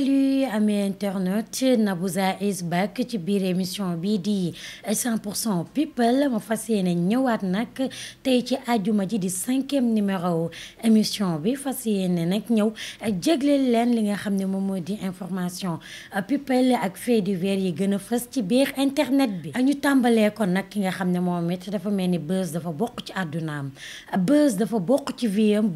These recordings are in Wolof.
Salut amee internet Nabouza is back ci biir émission bi di 100% people ma fas yéene ñëwaat nag tey ci àjjuma ji di cinquième numéro émission bi fas yéene nag ñëw ak jégleel leen li nga xam ne moom moo di information people ak fait divers yi gën a fës ci biir internet bi. ak ñu tàmbalee ko nag ki nga xam ne moom it dafa mel ni buzz dafa bokk ci àddunaam buzz dafa bokk ci vie am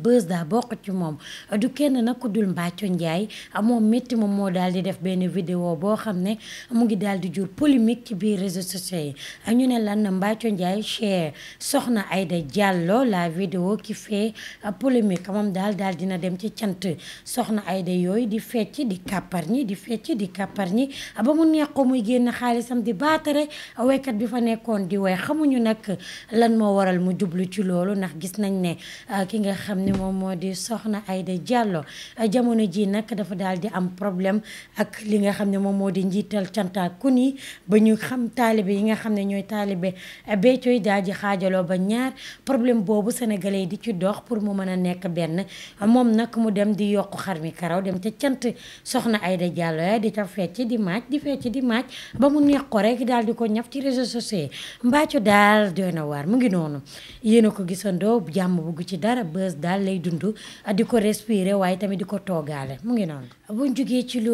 ci moom du kenn nag ku dul Mbathio Ndiaye moom métti moom moo daal daal di def benn vidéo boo xam ne mu ngi daal di jur polémique ci biir réseaux sociaux yi ak ñu ne lan Mbathio Ndiaye cher soxna ayda jàlloo la vidéo ki fait euh, polémique moom daal daal dina dem ci cant soxna Aïda yooyu di fecc di kàppar ñi di fecc di kàppar ñi ba mu neex muy génn xaalisam di baatare waykat bi fa nekkoon di way xamuñu nag lan moo waral mu jublu ci loolu ndax gis nañ ne euh, ki nga xam ne moom moo di soxna Aïda jàlloo euh, jamono ji nag dafa daal di am problème ak li nga xam ne moom moo di njiital cantaakun nii ba ñu xam taalibe yi nga xam ne ñooy taalibe Béthio yi daal ji xaajaloo ba ñaar problème boobu sénégalais yi di ci dox pour mu mën a nekk benn moom nag mu dem di yokk xar mi karaw dem ca cant soxna Aïda jàll ya di ca fecc di maaj di fecc di maaj ba mu neex ko rek daal di ko ñaf ci réseaux sociaux yi mbaaco daal doy na waar mu ngi noonu yéen a ko gisandoo jàmm bugg ci dara bës daal lay dund di ko respirer waaye tamit di ko toogaale mu ngi noonu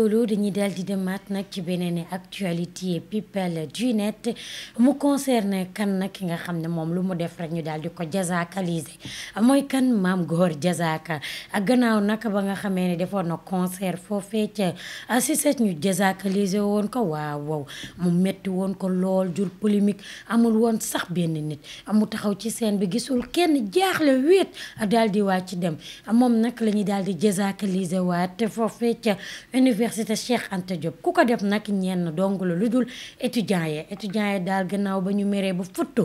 loolu dañuy daal di demaat nag ci beneen actualité people du net mu concerne kan nag ki nga xam ne moom lu mu def rek ñu daal di ko jazakaliser mooy kan maam góor jazaka ak gannaaw nag ba nga xamee ne defoon na concert foofee ca si ñu jazakaliser woon ko waaw waaw mu metti woon ko lool jur polémique amul woon sax benn nit mu taxaw ci seen bi gisul kenn jaaxle wéet daal di ci dem moom nag la ñuy daal di jazakaliser waat foofee université Cheikh Anta Diop ku ko def nag ñenn dong la lu dul étudiants yi étudiants yi daal gannaaw ba ñu meree ba futtu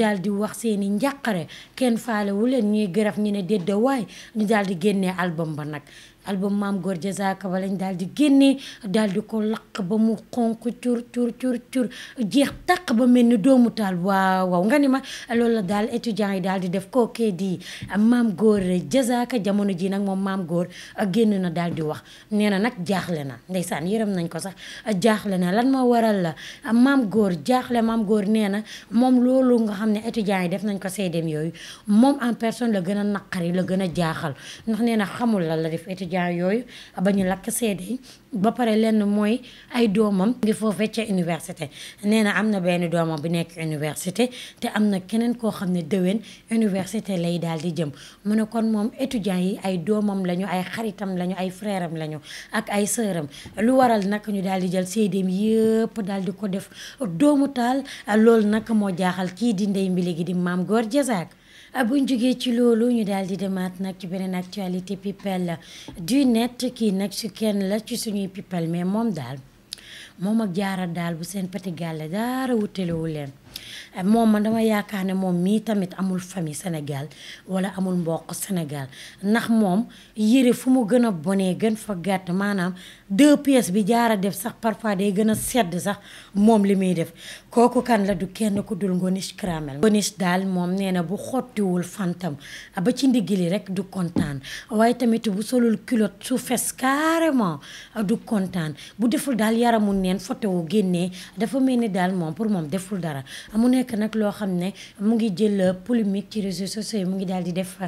daal di wax seen i njàqare kenn faale wu leen ñuy gëraf ñu ne déedéewaay ñu daal di génnee album ba nag. album maam góor Diazaka ba lañ daal di génnee daal ko lakk ba mu xonq cur cur cur cur jeex tàq ba mel ni doomu taal waaw waaw nga ni ma loolu la daal étudiants yi daal di def kookee di maam góor Diazaka jamono ji nag moom maam góor génn na daal di wax nee na nag jaaxle na ndeysaan yërëm nañ ko sax jaaxle na lan moo waral la maam góor jaaxle maam góor nee na moom loolu nga xam ne étudiants yi def nañ ko seedeem yooyu moom en personne la gën a naqari la gën a jaaxal ndax nee xamul la la def étudiant étudiants yooyu ba ñu lakk seede yi ba pare lenn mooy ay doomam ngi foofee ca université nee na am na benn doomam bi nekk université te am na keneen koo xam ne déwén université lay daal di jëm mu ne kon moom étudiants yi ay doomam lañu ay xaritam lañu ay frère am lañu ak ay sœuram lu waral nag ñu daal di jël seedeem yëpp daal di ko def doomu taal loolu nag moo jaaxal kii di mbili gi di maam góor jazaak Ah, buñ jógee ci loolu ñu daal di demaat nag ci beneen actualité la du nett kii nag su kenn la ci suñuy people mais moom daal moom ak jaara daal bu seen pati gàlle daara wutalewu leen moom man dama yaakaar ne moom mii tamit amul famille Sénégal wala amul mboq Sénégal ndax moom yére fu mu gën a bonee gën fa gàtt maanaam deux pièces bi jaara def sax parfois day gën a sedd sax moom li muy def kooku kan la du kenn ku dul Ngonis Kramel Ngonis daal moom nee na bu xottiwul fantam ba ci ndigili rek du kontaan waaye tamit bu solul culotte su fes carrément du kontaan bu deful daal yaramu neen foto wu génnee dafa mel ni daal moom pour moom deful dara mu nekk nekk nag loo xam ne mu ngi jël polémique ci réseaux sociaux yi mu ngi daal di def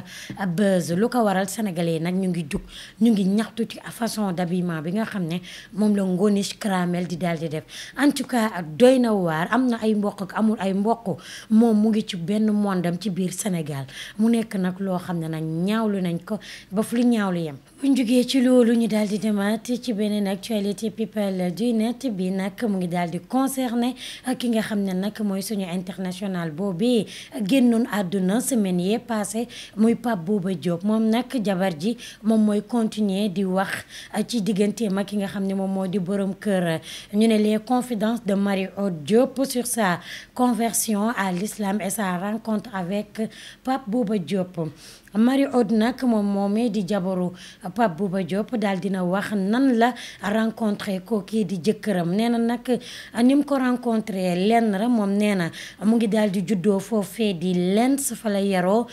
buzz lu ko waral sénégalais yi nag ñu ngi jug ñu ngi ñaxtu ci façon d'habillement bi nga xam ne moom la Ngonish Caramel di daal di def en tout cas doy na waar am na ay mbokk amul ay mboq moom mu ngi ci benn mondam ci biir Sénégal mu nekk nag loo xam ne nag ñaawlu nañ ko ba fu li ñaawlu yem buñ jógee ci loolu ñu daal di demaat ci beneen actualité people du net bi nag mu ngi daal di ak ki nga xam ne nag mooy suñu international boobee génnoon àdduna semaine yee passé muy Pape Bouba Diop moom nag jabar ji moom mooy continuer di wax ci digganteem ak ki nga xam ni moom moo di borom kër ñu ne les confidences de Marie Aude Diop sur sa conversion à l'islam et sa rencontre avec Pape booba Diop Marie Aude nag moom moomee di jabaru Pape Bouba Diop daal dina wax nan la rencontré ko kii di jëkkëram nee na nag ni ko rencontré lenn ra moom nee na mu ngi daal di juddoo foofee di Lens fa la yaroo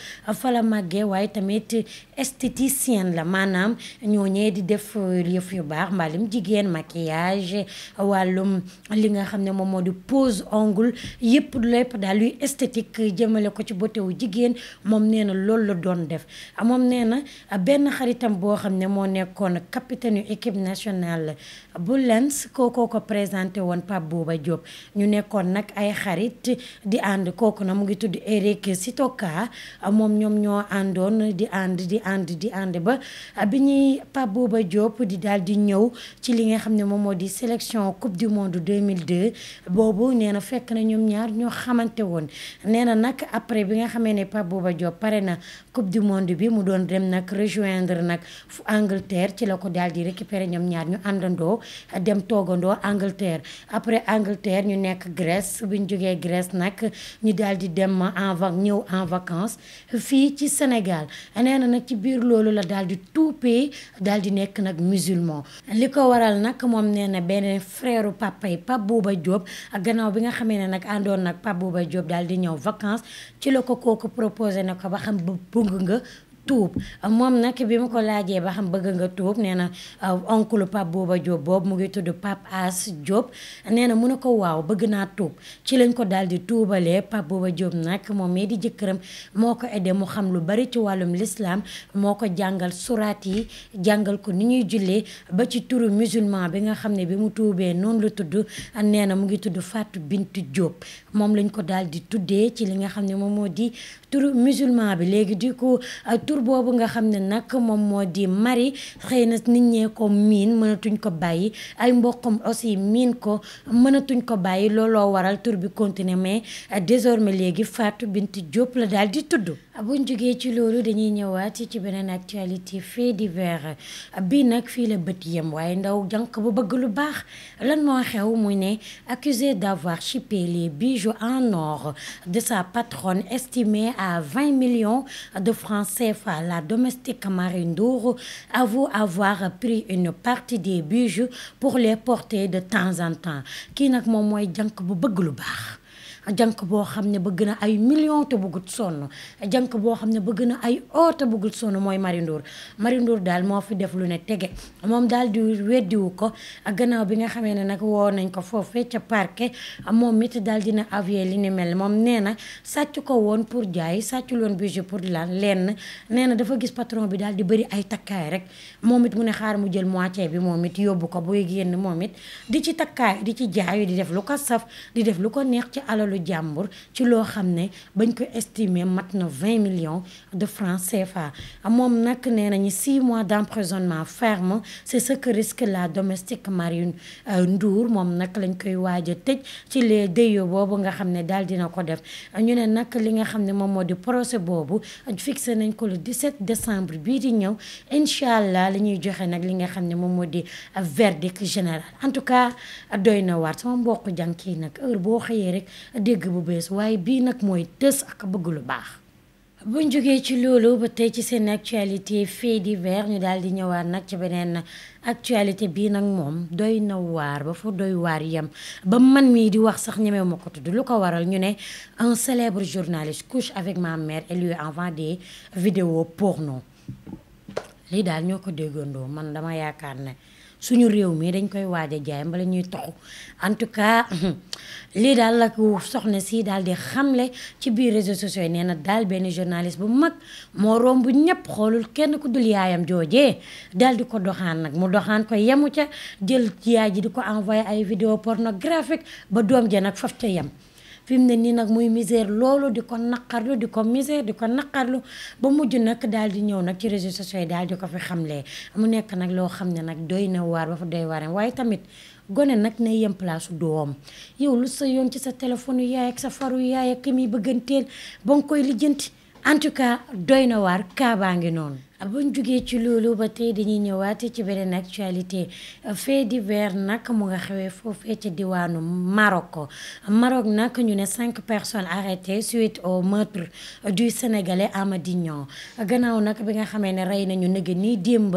màggee waaye tamit esthéticienne la maanaam ñooñee di def yëf yu baax mbalim jigéen maquillage wàllum li nga xam ne moom moo di pose ongle yëpp lépp daal luy esthétique jëmale ko ci botewu jigéen moom nee na loolu la doon doon def ah, moom nee na ah, benn xaritam boo xam ne moo nekkoon capitaine yu équipe nationale bu lens kookoo ko présenté woon Pape Bouba Diop ñu nekkoon nag ay xarit di ànd kooku na mu ngi tudd Eric Sitoka ah, moom ñoom ñoo àndoon di ànd di ànd di ànd ba bi ñuy Pape Bouba Diop di daal di ñëw ci li nga xam ne moom moo di sélection coupe du monde 2002 boobu nee na fekk na ñoom ñaar ñoo xamante woon nee na nag après bi nga xamee ne Pape Bouba Diop pare na coupe du monde bi mu doon dem nag rejoindre nag fu Angleterre ci la ko daal di récupérer ñoom ñaar ñu àndandoo dem toogandoo Angleterre après Angleterre ñu nekk Grèce bi ñu jógee Grèce nag ñu daal di dem en vac ñëw en vacances fii ci Sénégal nee na nag ci biir loolu la daal di tuupee daal di nekk nag musulman li ko waral nag moom nee na benn frère papa yi Pape Bouba Diop ak gannaaw bi nga xamee ne nag àndoon nag Pape Bouba Diop daal di ñëw vacances ci la ko kooku proposé na nga tuub moom nag bi ma ko laajee ba xam bëgg nga tuub nee na uh, oncle Pape Bouba jóob boobu mu ngi tudd pap As Diop nee na mu ne ko waaw bëgg naa tuub ci lañ ko daal di tuubalee Pape Bouba Diop nag moom mii di jëkkëram moo ko aidé mu xam lu bari ci wàllum lislaam moo ko jàngal suraat yi jàngal ko ni ñuy jullee ba ci turu musulman bi nga xam ne bi mu tuubee noonu la tudd nee na mu ngi tudd Fatou Bintou jóob moom lañ ko daal di tuddee ci li nga xam ne moom moo di tur musulman bi léegi du ko euh, tour boobu nga xam ne nag moom moo di mari xëy na nit ñee ko miin mënatuñ ko bàyyi ay mboqam aussi miin ko mënatuñ ko bàyyi looloo waral tur bi continuer mais euh, désormais léegi fàtt Binti Diop la daal di tudd. buñ jógee ci loolu dañuy ñëwaat ci beneen actualité fait divers bii nag fii la bët yem waaye ndaw jànq bu bëgg lu baax lan moo xew mu ne accusé d'avoir chipé les bijoux en or de sa patronne estimée à 20 millions de francs CFA la domestique Marie Ndour avoue avoir pris une partie des bijoux pour les porter de temps en temps kii nag moom mooy jànq bu bëgg lu baax jank boo xam ne bëgg na ay million te bëggut sonn jank boo xam ne bëgg na ay oo te bëggut sonn mooy Marie Ndour daal moo fi def lu ne tege moom daal di weddiwu ko gannaaw bi nga xamee ne nag woo nañ ko foofee ca parquet moom it daal dina avier li ne mel ne moom nee na sàcc ko woon pour jaay sàccul woon budget pour lan lenn nee na dafa gis patron bi daal di bëri ay takkaay rek moom it mu ne xaar mu jël moitié bi moom it yóbbu ko buy génn moom it di ci takkaay di ci jaayu di def lu ko saf alalu jàmbur ci loo xam ne bañ ko estimer mat na 20 millions de francs CFA moom nag nee nañu 6 mois d'emprisonnement ferme c'est ce que risque la domestique Marine euh, Ndour moom nag lañ koy waaj a tëj ci les déyo e boobu nga xam ne daal dina ko def ñu ne nag li nga xam ne moom moo di procès boobu fixé nañ ko le 17 décembre bii di ñëw incha allah li ñuy joxe nag li nga xam ne moom moo di verdict général en tout cas doy na waat sama mbokk jànk nag heure boo dégg bu bees waaye bii nag mooy tës ak bëgg lu baax. bu jógee ci loolu ba tey ci seen actualité fait divers ñu daal di ñëwaat nag ci beneen actualité bii nag moom doy na waar ba fa doy waar yem ba man mii di wax sax ñemee ma ko tudd lu ko waral ñu ne un célèbre journaliste couche avec ma mère et lui envoie des vidéos porno lii daal ñoo ko déggandoo man dama yaakaar ne. suñu réew mii dañ koy waaj a jaay ñuy toxu en tout cas lii daal la soxna sii daal di xamle ci biir réseaux sociaux yi nee na daal benn journaliste bu mag moo romb ñëpp xoolul kenn ku dul yaayam joojee dal di ko doxaan nag mu doxaan ko yemu ca jël yaay ji di ko envoyé ay vidéo pornographique ba doom ja nag faf ca yem fi mu ne nii nag muy misère loolu di ko naqarlu di ko misère di ko naqarlu ba mujj nag daal di ñëw nag ci réseaux sociaux yi daal di ko fi xam lee mu nekk nag loo xam ne nag doy na waar ba fa doy waar waaye tamit gone nag ne yem place doom yow lu sa yoon ci sa téléphone yaay ak sa faru yaay ak ki muy bëgganteel ba nga koy lijjanti en tout cas doy na waar baa ngi noonu. Ah, buñ jógee ci loolu ba tey dañuy ñëwaate ci beneen actualité fait divers nag mu nga xewee foofee ci diwaanu Maroc Maroc nag ñu ne cinq personnes arrêtées suite au meurtre du sénégalais Amady Niang gannaaw nag bi nga xamee ne rey nañu nëgg nii démb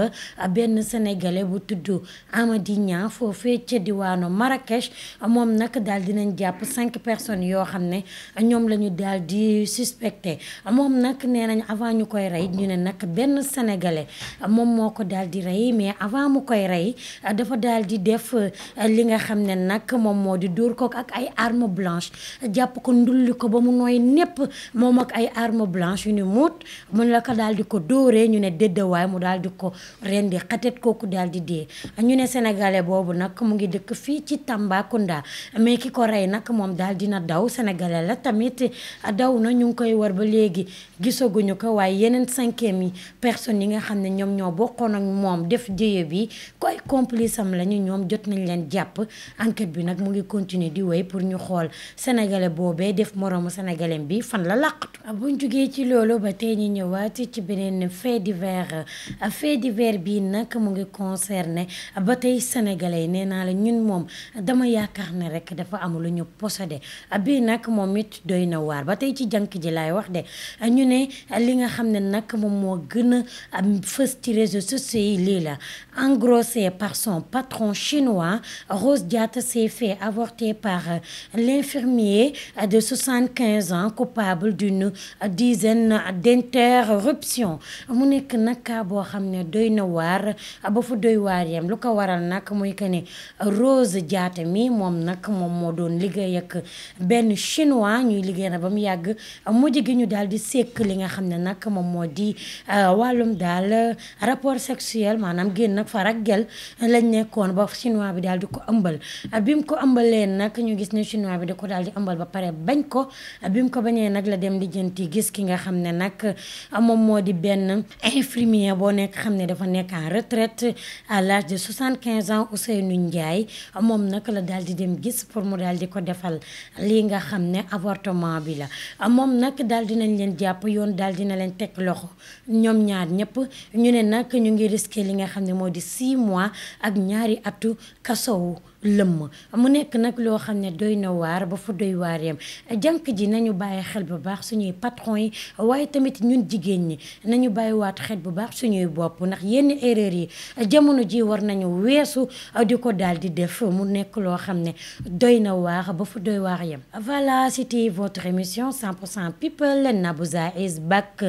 benn sénégalais bu tudd Amady Niang foofee ca diwaanu Marrakech moom nag daal dinañ jàpp cinq personnes yoo xam ne ñoom la ñu daal di suspecté moom nag nee nañ avant ñu koy rey ñu ne nag benn. sénégalais moom moo ko daal di rey mais avant mu koy rey dafa daal di def euh, li nga xam ne nag moom moo di dóor ko ak ay arme blanche jàpp ko ndulli ko ba mu nooy népp moom ak ay arme yu ni muut mun la ko daal di ko dóoree ñu ne déddawaay mu daal di ko rendi xatet kooku daal di dee ñu ne sénégalais boobu nag mu ngi dëkk fii ci Tambacounda mais ki ko rey nag moom daal na daw sénégalais la tamit daw na ñu ngi koy war ba léegi gisaguñu ko waaye yeneen cinquième yi personnes xam ne ñoom ñoo bokkoon ak moom def jëye bi ko ay complice am lañu ñoom jot nañ leen jàpp enquête bi nag mu ngi continuer di wéy pour ñu xool sénégalais boobee def moroomu sénégalais bi fan la làqatu ah, buñ jugee ci loolu ba tey ñu ñëwaat ci beneen fait divers ah, fait divers bii nag mu ngi concerné ba tey sénégalais yi nee naa la ñun moom dama yaakaar ne rek dafa amul lu ñu possédé ah, bii nag moom it doy na waar ba tey ci jànk ji laay wax de ñu ne li nga xam ne nag moom moo gën am fës ci réseaux sociaux lii la engrossé par son patron chinois Rose jaata s'est fait avorter par l'infirmier de quinze ans coupable d'une dizaine d'interruptions mu nekk naka boo xam ne doy na waar ba fa doy waar yam lu ko waral nag muy que ne Rose Diatta mi moom nag moom moo doon liggéey ak benn chinois ñuy liggéey na ba mu yàgg mujj gi ñu daal di sekk li nga xam ne nag moom moo di euh, wàllu wàllum daal euh, rapport sexuel maanaam génn ak far ak gel lañ nekkoon ba chinois bi daal di ko ëmbal euh, bi mu ko ëmbalee nag ñu gis ne chinois bi da ko daal di ba pare bañ ko euh, bi mu ko bañee nag la dem di jënti gis ki nga xam ne nag moom moo di benn infirmier boo nekk xam ne dafa nekk en retraite à l'âge de 75 ans Ousseynou Ndiaye moom nag la daal di dem gis pour mu daal di ko defal lii nga xam ne avortement bi la moom nag daal dinañ leen jàpp yoon daal dina leen teg loxo ñoom ñaar ak ñëpp ñu ne nag ñu ngi risqué li nga xam ne moo di 6 mois ak ñaari atu kasowo lëmm mu nekk nag loo xam ne doy na waar ba fa doy waar yam jànq ji nañu bàyyi xel bu baax suñuy patron yi waaye tamit ñun jigéen ñi nañu bàyyi waat xel bu baax suñuy bopp ndax yenn erreur yi jamono ji war nañu weesu di ko daal di def mu nekk loo xam ne doy na waax ba fa doy waar yam voilà c'était votre émission 100% people Nabouza is back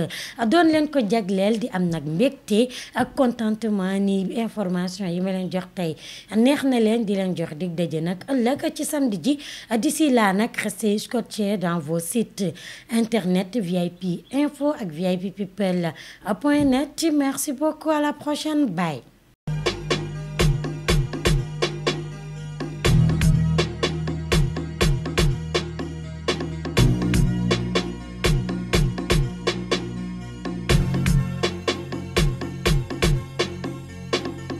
doon leen ko jagleel di am nag mbégte ak contentement ni information yi ma leen jox tey neex na leen jox dig daje nag ëllëg ci samedi ji d'ici là nag restez scotchés dans vos sites internet VIP info ak VIP people point net merci beaucoup à la prochaine bye.